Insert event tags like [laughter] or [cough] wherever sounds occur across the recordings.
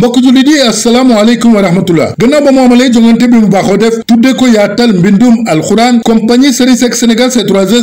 mbokk jullit yi asalaamaaleykum wa rahmatullah gannaaw ba mu amalee jongante bi mu baaxoo def tudde ko yaatal mbindum alxuraan compagnie Serigne Seck Sénégal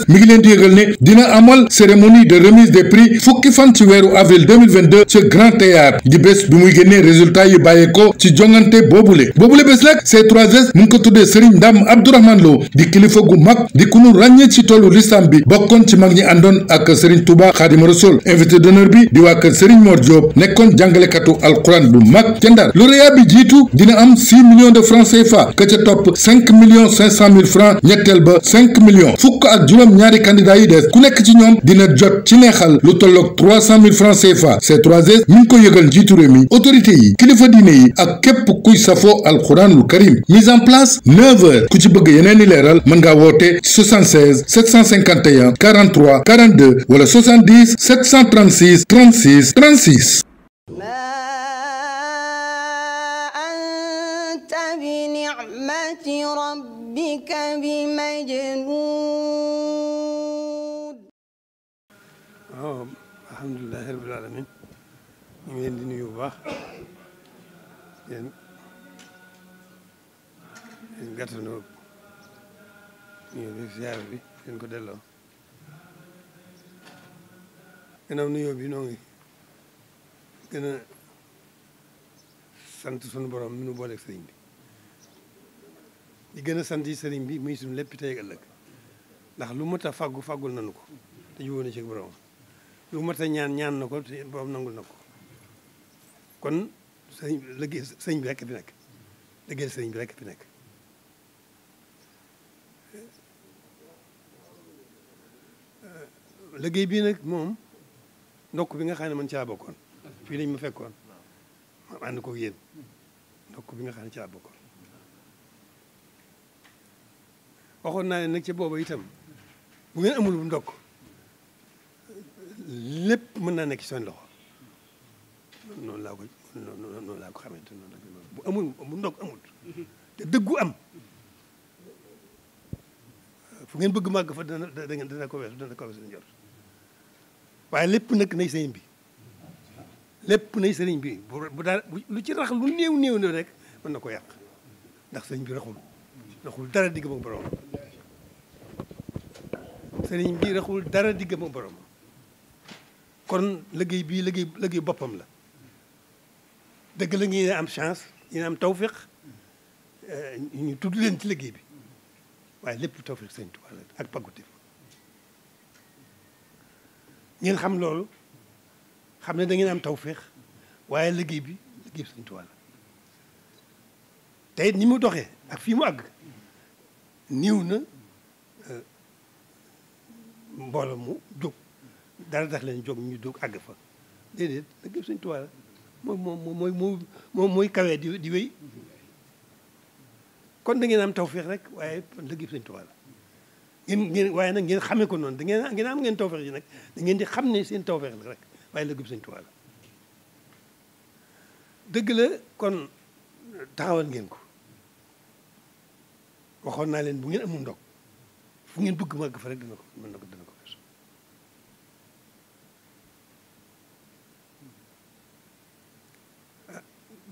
mi ngi leen di yëgal ne dina amal cérémonie de remise des prix fukki fan ci weeru avril 2022 ci Grand Théâtre di bés bi muy génnee résultat yi bàyyeekoo ci jongante boobule boobule bés nag C3S mu ngi ko tuddee Serigne Ndam Abdourahmane Lo di kilifa gu mag di ku nu ràññee ci tollu lislam bi bokkoon ci mag ñi àndoon ak Serigne Touba Khadim Rassoul invité d'honneur bi di waa kër Serigne Mor nekkoon jàngalekatu alxuraan bu mag ca Ndar lauréat bi jiitu dina am six millions de francs CFA ka topp cinq millions cinq mille francs ñetteel ba cinq millions fukk ak juróom-ñaari candidats yi des ku nekk ci ñoom dina jot ci neexal lu tolloog trois cent mille francs CFA c 3 ngi ko yëgal jiitu réew mi autorité yi kilifa diine yi ak képp kuy safoo alxuraanul karim mise en place neuf heures ku ci bëgg yeneen i leeral mën ngaa woote 76 751 43 42 wala 70 736 36 36. بِرَبِّكَ بِمَجْنُونٍ waaw alhamdulilah di nuyu bu baax yéen yéen gàttanoo nuyoo bi ko delloo gannaaw bi noo sunu borom mi nu li gën a sant sëriñ bi muy suñu lépp tey ëllëg ndax lu mat a faggu faggul nañu ko te jubóo na ci borom lu mat a ñaan ñaan na ko te nangul na ko kon sëriñ liggéey sëriñ bi rekk fi nekk bi rekk fi nekk eh, liggéey bii nag moom ndokk bi nga xam ne man caa bokkoon fii lañ ma fekkoon ma ànd ko yéen ndokk bi nga xam ne caa bokkoon waxoon naa leen nag ci booba itam bu ngeen amul bu ndok lépp mën naa nekk ci seen loxo noonu laa ko noonu laa ko xamante noonu bu amul bu ndokk amul te dëggu am fu ngeen bëgg màgg fa dana dana ko weesu dana waaye lépp nag nay sëriñ bi lépp nay sëriñ bi bu daal lu ci rax lu néew néew néew rek mën na ko yàq ndax sëriñ bi raxul raxul dara digg ba borom sëriñ bi raxul dara diggam ak borom kon liggéey bii liggéey liggéey boppam la dëgg la am chance ñu am tawfiq eh, ñu tudd leen ci liggéey bi waaye lépp tawfiq sëriñ Tuubaa la ak paggutif ñeen xam loolu xam ne da ngeen am tawfiq waaye liggéey bi liggéey bi sëriñ Tuubaa la tey ni mu doxee ak fii mu àgg niiw na mbooloo mu jóg dara tax leen jóg ñu jóg àgg fa déedéet dëgg suñ Tuubaa la moom moom mooy moo moom mooy kawee di di wéy kon da ngeen am tawféex rek waaye dëgg suñ Tuubaa la ngeen ngeen waaye nag ngeen xamee ko noonu da ngeen ngeen am ngeen tawféex yi nag da ngeen di xam ne seen tawféex la rek waaye dëgg suñ Tuubaa la dëgg la kon taxawal ngeen ko waxoon naa leen bu ngeen amul ndog fu ngeen bëgg màgg fa rek dina ko mën na ko dina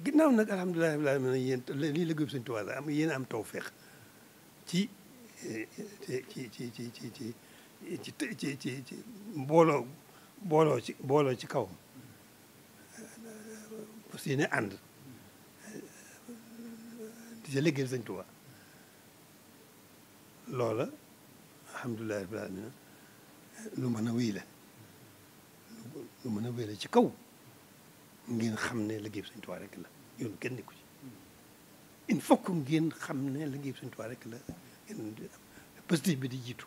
ginnaaw nag alhamdulilah rabbil aalamiin yéen lii liggéeyu Sëñ Tuubaa la am yéen am tawfeex ci ci ci ci ci ci ci ci ci ci mbooloo booloo ci booloo ci kawam parce que ne ànd di sa liggéeyal Sëñ Tuubaa loola alhamdulilah rabbil aalamiin lu mën a wéy la lu mën a wéy la ci kaw ngeen xam ne liggéey bi Sëñ Tuubaa rek la yoon kenn ku ci il faut ngeen xam ne liggéey bi Sëñ Tuubaa rek la ngeen positif bi di jiitu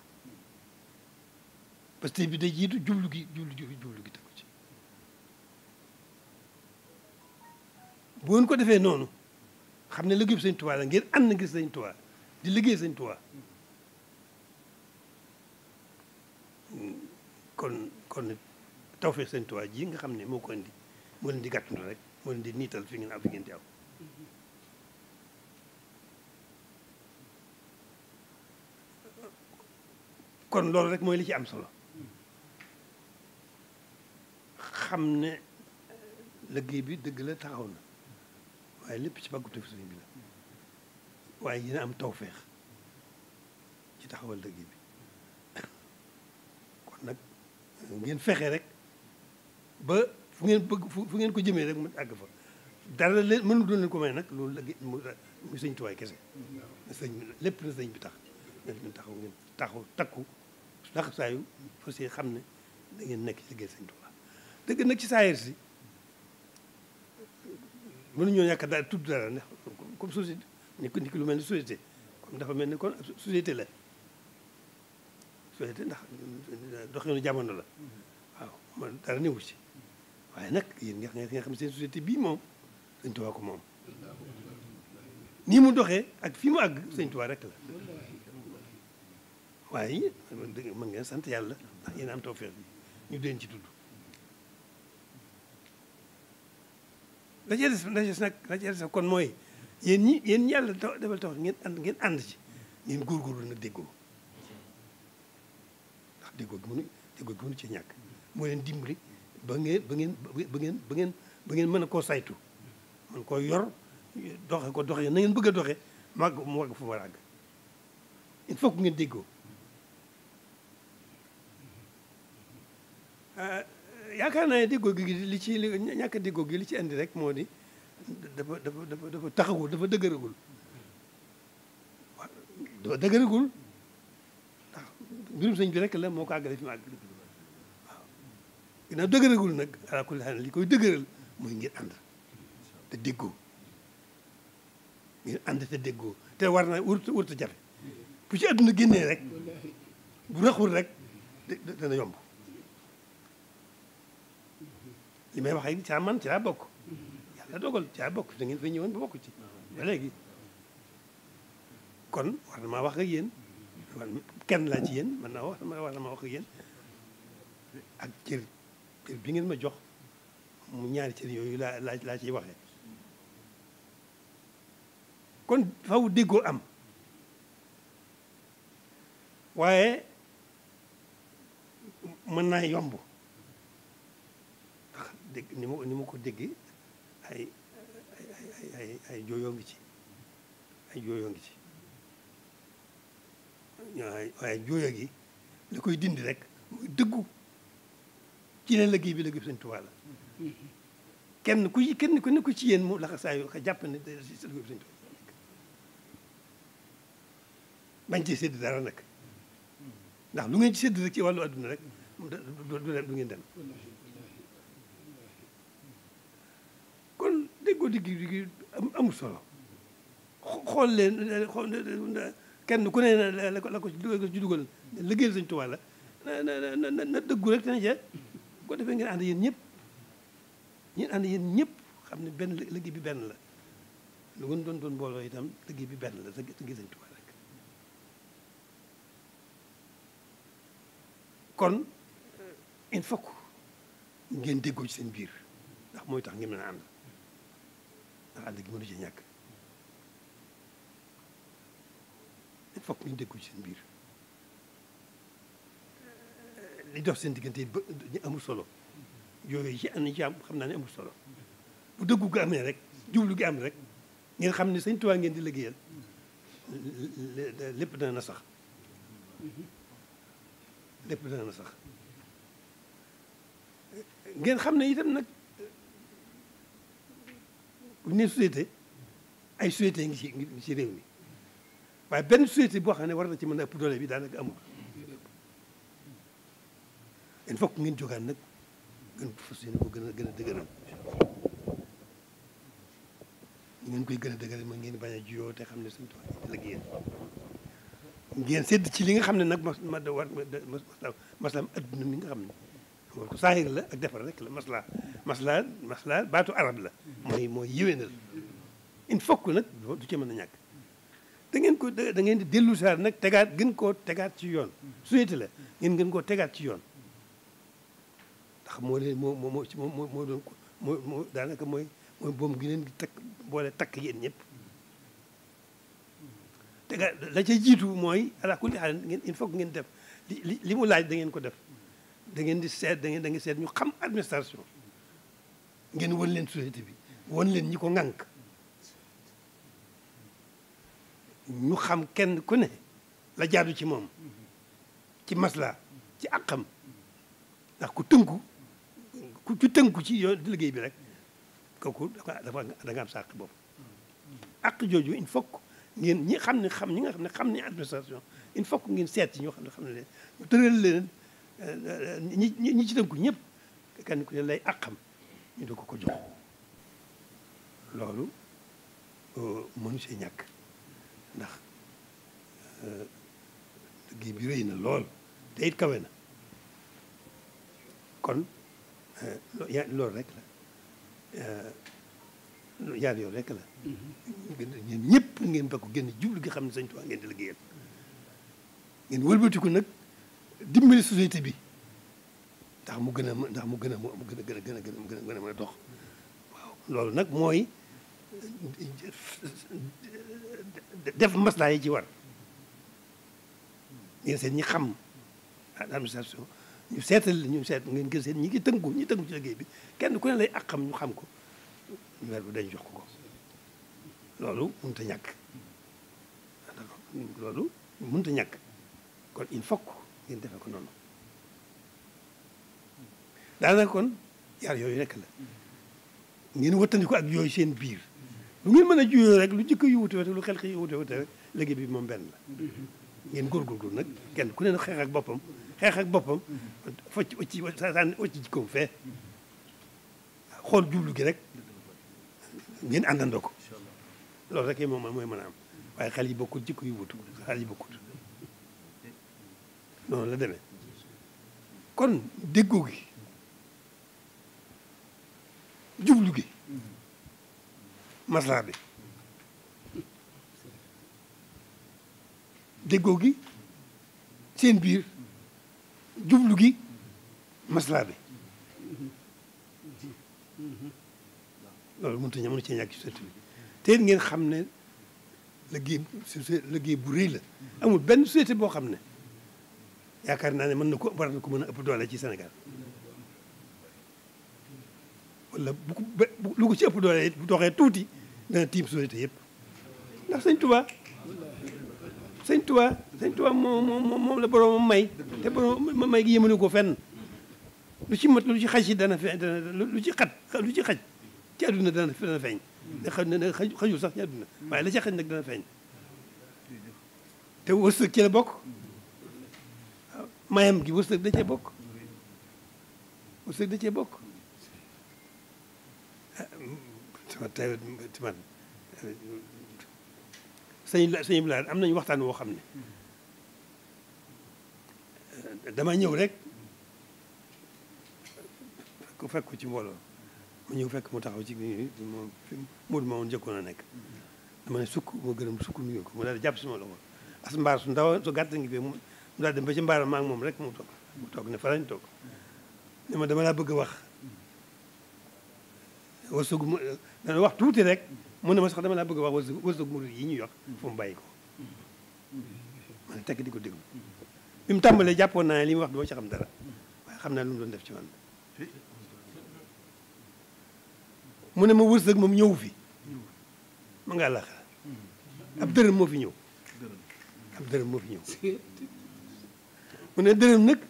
positif bi day jiitu jublu gi jublu jublu gi tegu ci bu ko defee noonu xam ne liggéey bi Sëñ Tuubaa la ngeen ànd ngir Sëñ Tuubaa di liggéey Sëñ Tuubaa kon kon tawfeex Sëñ Tuubaa jii nga xam ne moo ko moo leen di gàttandu rek moo di niital fi ngeen am fi ngeen di aw kon loolu rek mooy li ci am solo xam ne liggéey bi dëgg la taxaw na waaye lépp ci bàggu tëf sëriñ bi la waaye dina am tawféex ci taxawal liggéey bi kon nag ngeen fexe rek fu ngeen bëgg fu ngeen ko jëmee rek mu àgg fa dara leen mënu doon leen ko may nag loolu lagi mu sëñ tuwaay kese mm-hmm. sëñ lépp na bi tax na ngeen taxaw ngeen taxaw takku saayu fas xam ne da ngeen nekk ci liggéey sëñ tuwaay dëgg nag ci saayir si mënuñoo ñàkk daal tudd dara ndax comme société ni lu mel ni société comme dafa mel ni kon société la société ndax doxinu jamono la mm-hmm. waaw man dara newu ci waaye nag yéen nga nga xam ne seen société bii moom sëñ Tuubaa ko moom nii mu doxee ak fi mu àgg sëñ Tuubaa rek la waaye mën ngeen sant yàlla ndax yéen am tawfeex bi ñu deen ci tudd la ca des la ca des nag la ca kon mooy yéen ñi yéen ñi yàlla taw defal ngeen ànd ngeen ànd ci ngeen góorgóorlu nag déggoo ndax déggoo gi gi mënu ci ñàkk moo leen dimbali ba ngeen ba ngeen ba ngeen ba ngeen ba ngeen mën a koo saytu mën koo yor doxe ko doxe na ngeen bëgg a doxe màgg mu wàgg fu war a àgg il ngeen déggoo euh, yaakaar naa ne déggoo gi li ci li ñàkk déggoo gi li ci indi rek moo di dafa dafa dafa dafa taxawul dafa dëgëragul dafa dëgëragul ndax mbirum bi rek la moo ko àggale fi mu àggale ginnaaw dëgëragul nag ala li koy dëgëral muy ngir ànd te déggoo ngir ànd te déggoo te war na wurtu wurtu jafe bu ci àdduna génnee rek bu raxul rek dana yomb li may wax ak caa man ci laa bokk yàlla dogal a bokk da ngeen fay ñëwoon ba bokk ci ba léegi kon war na maa wax ak yéen kenn laa ci yéen man naa wax war na maa wax ak yéen ak jër kër bi ngeen ma jox mu ñaari cër yooyu laa laa laa ciy waxee kon faw déggoo am waaye mën naa yomb ndax ni ma ko déggee ay ay ay jooyoo ngi ci ay jooyoo ngi ci waaye jooyoo gi li koy dindi rek muy dëggu ci neen liggéey bi liggéey bi Sëñ Tuubaa la kenn ku kenn ku nekk ci yéen mu laxa saa yu jàpp ne liggéey bi Sëñ Tuubaa sédd dara nag ndax lu ngeen ci sédd rek ci wàllu adduna rek du ngeen dem kon déggoo digg digg amul solo xool leen xool kenn ku ne la ko la ko ci dugal liggéeyal Sëñ Tuubaa la na na na dëggu rek dana jeex bu ko defee ngeen ànd yéen ñëpp ñeen ànd yéen ñëpp xam ne benn liggéey bi benn la lu gën doon doon mbooloo itam liggéey bi benn la sa ngi Sëñ Tuubaa rek kon il faut ngeen déggoo ci seen biir ndax mooy tax ngeen mën a ànd ndax ànd gi mënu ci ñàkk il faut que ñu déggoo ci seen biir li dox seen diggante it ba amul solo yooyu ci am na ci am xam naa ne amul solo bu dëggu gi amee rek jublu gi am rek ngeen xam ne Sëñ Tuubaa ngeen di liggéeyal lépp dana na sax lépp dana na sax ngeen xam ne itam nag bu ñu nee société ay société ngi ci ngi ci réew mi waaye benn société boo xam ne war na ci mën a ëpp doole bi daanaka amul il faut ngeen jógaat nag gën ko fas ko gën a gën a dëgëral ngeen koy gën a dëgëral ma ngeen bañ a te xam ne suñu tubaab yi la sedd ci li nga xam ne nag mas ma war maslaam la defar rek la masla masla masla baatu arab la mooy mooy yéwénal il mën a ñàkk da ko da ngeen di dellu saar nag tegaat gën koo tegaat ci yoon suyété la ngeen gën koo tegaat ci yoon ndax moo leen moo moo moo moo doon moo moo daanaka mooy mooy boom gi leen di boole takk yéen ñëpp. te nga la ca jiitu mooy ala kulli xaal ngeen il faut ngeen def li mu laaj da ngeen ko def da ngeen di seet dangeen ngeen da seet ñu xam administration ngeen won leen société bi won leen ñi ko ŋànk ñu xam kenn ku ne la jaadu ci moom ci masla ci àqam dax ku tënku ku ci tënku ci yoon liggéey bi rek kooku dafa da nga am sa àq boobu àq jooju il faut ngeen ñi xam ne xam ñi nga xam ne xam ne administration il faut que seet yi ñoo xam ne xam ne leen ñu tëral leen euh, ñi ñi ci tënku ñëpp kenn ku ne lay àqam ñu di ko ko jox loolu euh, mënu see ñàkk ndax euh, liggéey bi rëy na lool te it kawe na kon Eh, loolu rek la eh, yaar yoon rek la ñun ñëpp ngeen bakku génn jublu gi xam ne Sëñ Tuubaa ngeen di liggéeyal ngeen wëlbatiku nag dimbali société bi ndax mu gën a ndax mu gën a mu gën a gën a gën a gën a gën a mën a dox waaw loolu nag mooy eh, def maslaa yi ci war ngeen seen ñi xam administration ñu seetal li ñu seet ngeen gis seen ñi ngi tënku ñi tënku ci liggéey bi kenn ku ne lay ak xam ñu xam ko ñu weer bu dañ jox ko ko loolu mënut a loolu mënut a ñàkk kon il faut que ngeen defee ko noonu daanaka kon yar yooyu rek la ngeen wëttandi ko ak yooyu seen biir lu ngeen mën a juyoo rek lu jëkk yu wute wute lu xel xi yu wute wute bi moom benn la ngeen góor góor góor nag kenn ku ne xeex ak boppam xeex ci boppam focc ucci sànni ucci jikkoom fee xool jublu gi rek ngeen àndandoo ko loolu rek moom mooy mën a am waaye xel yi bokkul jikko yu wutu xel yi bokkul noonu la demee kon déggoo gi jublu gi maslaa bi déggoo gi seen biir jublu gi maslaa bi loolu mënut a ñëw mënut cee ñàkk ci société bi te it ngeen xam ne liggéey liggéey bu rëy la. amul benn société boo xam ne yaakaar naa ne mën na ko war na ko mën a ëpp doole ci senegal wala bu ko lu ci ëpp doole bu doxee tuuti dana tiim société yëpp ndax Sëñ Tuubaa sëñ tuwa sëñ Tuubaa moom moom la boroomam may te boroomam may gi yëmanu ko lu ci mat lu ci xaj yi dana feeñ lu ci xat lu ci xaj ci àdduna dana dana feeñ da xaj na xajul sax ci àdduna waaye la ci xaj nag dana feeñ te wërsëg ci la bokk mayam gi wërsëg da cee bokk wërsëg da cee bokk ah, man sëñ sëñ Bilal am nañu waxtaan woo xam ne euh, dama ñëw rek ku fekk ci mbooloo mu ñëw fekk mu taxaw ci moom muur ma a nekk dama ne sukk mu gërëm sukk mu ko mu daal di jàpp suma loxo as mbaar su ndaw su gàtt ngi fi mu daal dem ba ci mbaaram maa moom rek mu toog mu toog ne fa toog ne ma dama la bëgg a wax wasug ma dana wax tuuti rek mun na ma sax dama laa bëgg a wax wërsëg murid yi ñuy wax fu bay bàyyi ko man tekk di ko déglu bi mu tàmbalee jàppoon naa ne li mu wax duma ci xam dara waaye xam naa lu mu doon def ci man mu ne ma wërsëg moom ñëw fi ma nga àllaaxira ab dërëm moo fi ñëw ab dërëm moo fi ñëw mu ne dërëm nag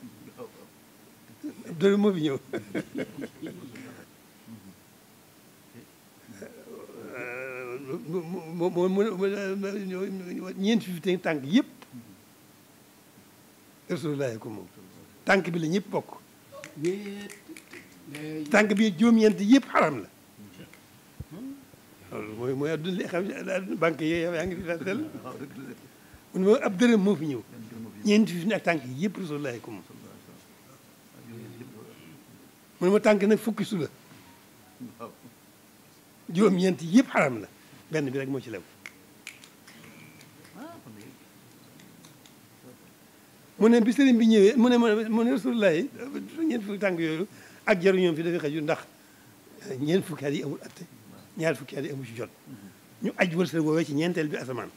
ab dërëm moo fi ñëw [laughs] moo mu ñeenti fi tànk yëpp rasulullahi ko moom tànk bi la ñëpp bokk tànk bi juróom-ñeent yëpp xaram la loolu mooy mooy fi daal sell moo ab dërëm moo fi fi ak tànk yi yëpp rasulullahi ko moom tànk nag fukk su la ñeent yëpp xaram la benn bi rek moo ci lew mu ne bi sëriñ bi ñëwee mu ne mu ne rasulullah yi ñeent fukki tànk yooyu ak jaru ñoom fi dafay xaju ndax ñeent fukki at yi amul atte ñaar fukki at yi amul ci jot ñu aj wërsëg woowee ci ñeenteel bi asamaan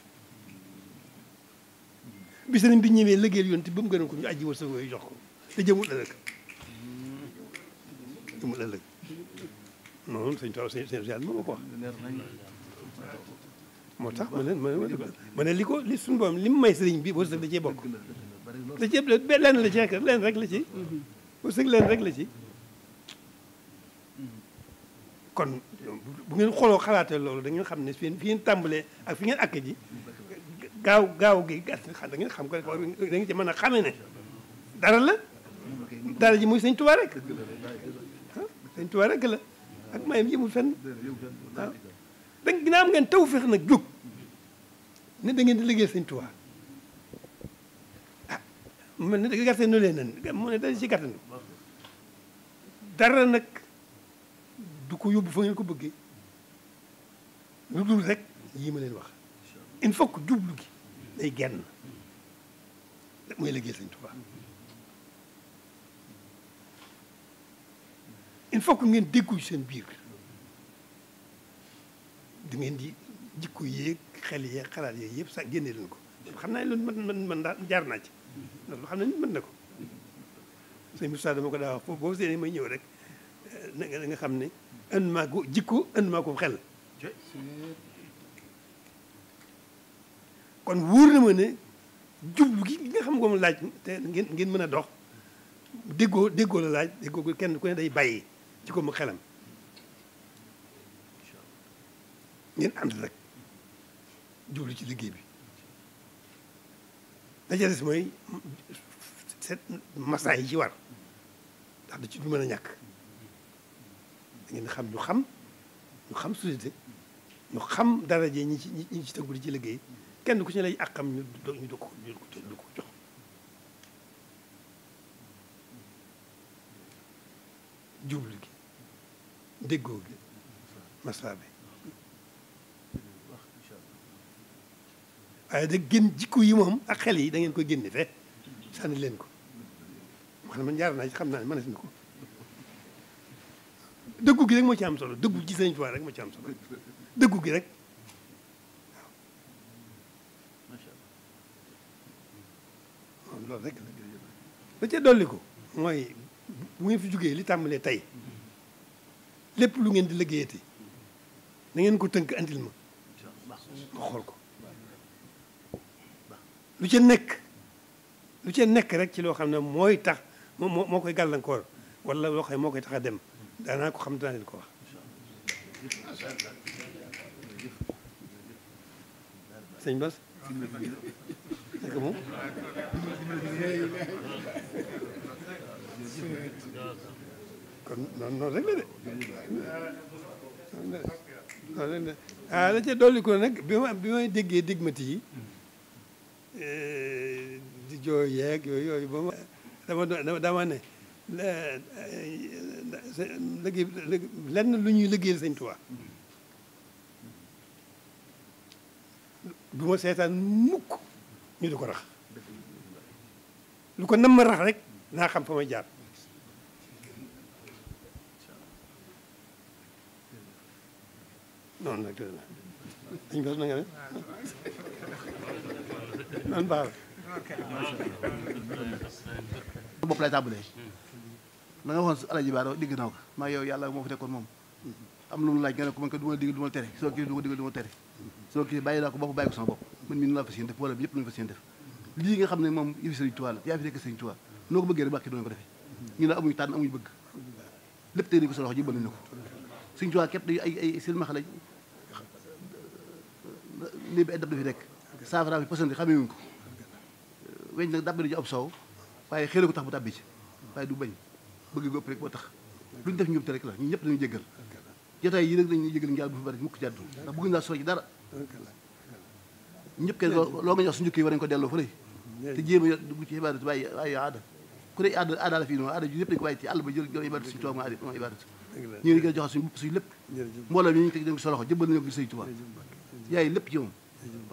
bi sëriñ bi ñëwee liggéeyal yoon te ba mu gënoon ko ñu aj wërsëg woowee jox ko te jëmul ëllëg jëmul ëllëg noonu sëñ Tuubaa sëñ Sëñ Sëñ moo ma ko wax moo tax ma ne ma ne li ko li suñu borom li mu may sëriñ bi wërsëg da cee bokk da cee leen la ci leen lenn rek la ci wërsëg lenn rek la ci kon bu ngeen xooloo xalaatee loolu da ngeen xam ne fi ngeen tàmbalee ak fi ngeen akk ji gaaw gaaw gi gàtt da ngeen xam ko da ngeen ci mën a xamee ne dara la dara ji muy sëñ Tuubaa rek sëñ Tuubaa rek la ak mayam yëmul fenn waaw da ginnaaw ngeen taw feex nag jóg ne da ngeen di liggéey sëñ Tuubaa ah mu ne gàtte nu leen nan mu dara nag du ko yóbbu fa ko bëggee lu rek yii ma leen wax il faut que jublu gi day genn mooy liggéey sëñ Tuubaa il faut que ngeen déggu seen biir da ngeen di jikko yéeg xel yee xalaat yooyu yëpp sax génne leen ko xam naa ne loolu mën mën mën daal jaar naa ci loolu nañ mën na ko sëñ Moussa dama ko daa wax foofu may ñëw rek eh, na xam ne ënd ko jikko ënd maa ko xel kon wóor na ne jublu gi nga xam nga laaj te ngeen ngeen mën a dox déggoo déggoo laaj déggoo ko kenn ku ne day bàyyi ci xelam ngeen ànd rek jublu ci liggéey bi daja des mooy seet masaa yi ci war ndax da ci du mën a ñàkk da ngeen xam ñu xam ñu xam société ñu xam daraje ñi ci ñi ci tënku ci liggéey kenn ku ci ne lay àqam ñu ñu du ko ñu du ko jox jublu gi déggoo gi masaa bi waaye da génn jikko yi moom ak xel yi da ngeen koy génne fe sànni leen ko man man jaar naa ci xam naa ne mënees na ko dëggu gi rek moo ci am solo dëggu ci Sëriñ rek moo ci gi rek loolu rek la ca dolli ko mooy bu ngeen fi jógee li tàmbalee tey lépp lu ngeen di liggéeyati na ngeen ko tënk andil ma ko lu ca nekk lu ca nekk rek ci loo xam ne mooy tax moo moo koy gàllankoor wala loo xam moo koy tax a dem daanaa ko xam danaa leen ko wax sëñ Bas nekk moom kon noonu noonu rek la de noonu rek la ah la ca dolli ko nag bi ma bi may déggee digmati yi di jooy yeeg yooyu yooyu ba ma dama dama ne liggéey lenn lu ñuy liggéeyal Sëñ Tuubaa du ma seetaan mukk ñu di rax lu nam ma rax rek naa xam fa ma jaar noonu nag dañ ko na nga ne nan baal bopp lay tàmbalee la nga waxoon alaji baara digg naa ko maa yooyu yàlla moo fi nekkoon moom am lu mu laaj nga ne ko man ma digg du ma tere soo kii du ma digg du ma tere soo kii bàyyi naa ko bopp bàyyi ko sama bopp man mii nu laa fas yéene def wala yëpp lu ñu fas yéene lii nga xam ne moom yëfi sëriñ Tuubaa la yaa fi nekk sëriñ Tuubaa noo ko bëggee rek bàkki doon ko defee ñu ne amuñu tànn amuñu bëgg lépp tey ko sa loxo ji bënn na ko sëriñ Tuubaa képp dañu ay ay silmaxa lañ lépp ay dab dafi nekk saafaraal pësante xamee wuñ ko weñ nag dàbbali ji ab soow waaye xëy ko tax bu tàbbi ci waaye du bañ bëgg gopp rek boo tax duñ def ñoom te rek la ñun ñëpp dañu yi nag dañuy jéggal njaal bu fi bari mukk ci àdduna ndax bëgg naa sori ci dara ñëpp kenn loo nga suñu kii war nañu ko delloo fële te jéem a dugg ci ibaadatu bàyyi waaye aada ku ne aada aada la fii noonu aada ji yëpp ko bàyyi ci àll ba jël jël ibaadatu suñu ñu a joxe suñu suñu lépp mbooloo mi ñu teg dañ ko soloxo jëmbal nañu ko yaay lépp ci moom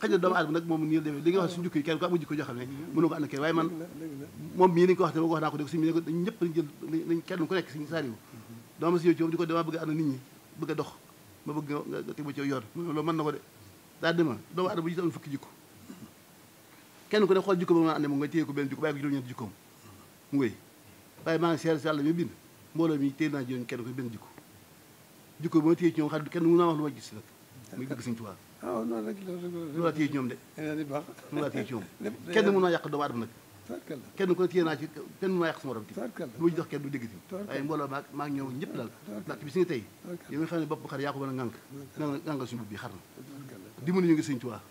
xëy na doomu aadama nag moom nii la demee li nga wax suñu jukki kenn ku xam ne mënu ko ko ma ko ko dégg ko ñëpp ku nekk suñu saariwu dooma si yow ci moom ma bëgg ko de daal dema ah, doomu aadama bu jikko kenn ko benn jikko bàyyi ko juróom-ñeenti jikkoom mu wéy waaye maa ngi seer si yàlla mi bind mbooloo mi téye naa juróom kenn ku benn jikko jikko ba ma téye ci ñoom xam kenn mën naa wax lu ma gis nag muy bëgg Sëñ Tuubaa ah waaw noonu rek loolu laa téye ci ñoom de. di baax loolu laa téye ci ñoom. [laughs] kenn mën naa yàq doomu aadama nag. tubaarkalla kenn ku ne téye naa ci kenn mën naa yàq sama morom. tubaarkalla lu ma ci dox kenn ñëpp daal. ndax bis xam ne bopp xar yaa ko a ŋànk. ŋànk suñu bopp bi xar na. dimbali ñu ngi sëñ Tuubaa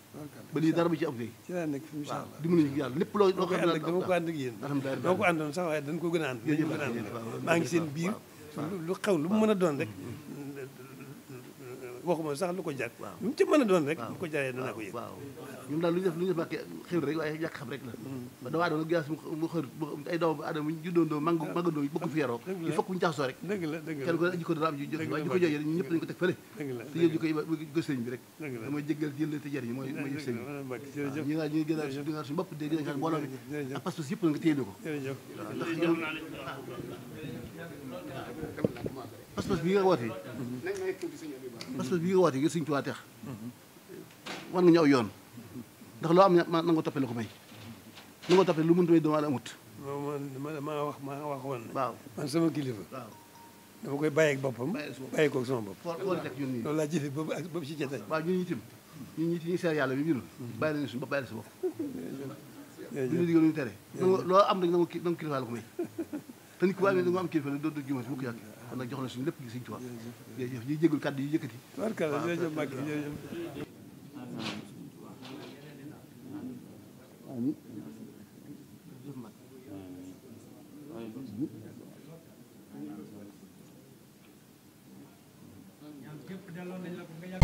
ba lii dara bu ci am tey ci laa nekk fi incha ñu ngi yàlla lépp loo loo xam ne dama ko ànd ak sax waaye dañ ko gën a ànd dañ ko gën a maa ngi seen biir lu xew lu mu mën a doon rek mm-hmm. waxuma sax lu ko jar lu mu ci mën a doon rek lu ko jaree dana ko yëg waaw ñoom daal lu ñu def lu ñu def bàkke xel rek waaye ñàkk xam rek la mm. ba dama aadama gis mu xër ay doomu aadama ñu juddoondoo mang ah. mangandoo bokku fi yaroo il faut que ñu jaxasoo rek dëgg la dëgg la kenn ko ne jikko dana am ji jot waaye jikko jooju ñun ñëpp dañu ko teg fële te yëpp jikko ko sëñ bi rek damay jéggal jël te jariñ mooy mooy sëñ bi ñu naan ñu gën a gën a suñu bopp de gën a gën a mbooloo bi ak pas-pas yëpp nga téye ko ndax pas-pas bi nga woote parce que bi nga woote ngir Sëriñ Tuubaa tax war nga ñu aw yoon ndax loo am na nga toppee la ko may na nga toppee lu mënut may doomu aadama amut man maa wax maa wax woon waaw man sama kilifa waaw dafa koy bàyyi ak boppam bàyyi ko ak sama bopp loolu laa jëfe boobu ak boobu ñi ñuy seet yàlla bi birul bàyyi la ñu suñu am rek na nga kilifa la te nit ku amee da nga am kon jox na suñu lépp gi sëñ Tuubaa jërëjëf ñuy jéggul kàddu yi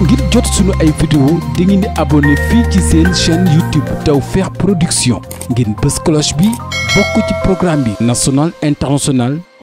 ngir jot suñu ay vidéo di ngeen di fii ci seen chaîne YouTube Tawfekh Production ngeen bës cloche bi bokk ci programme bi national international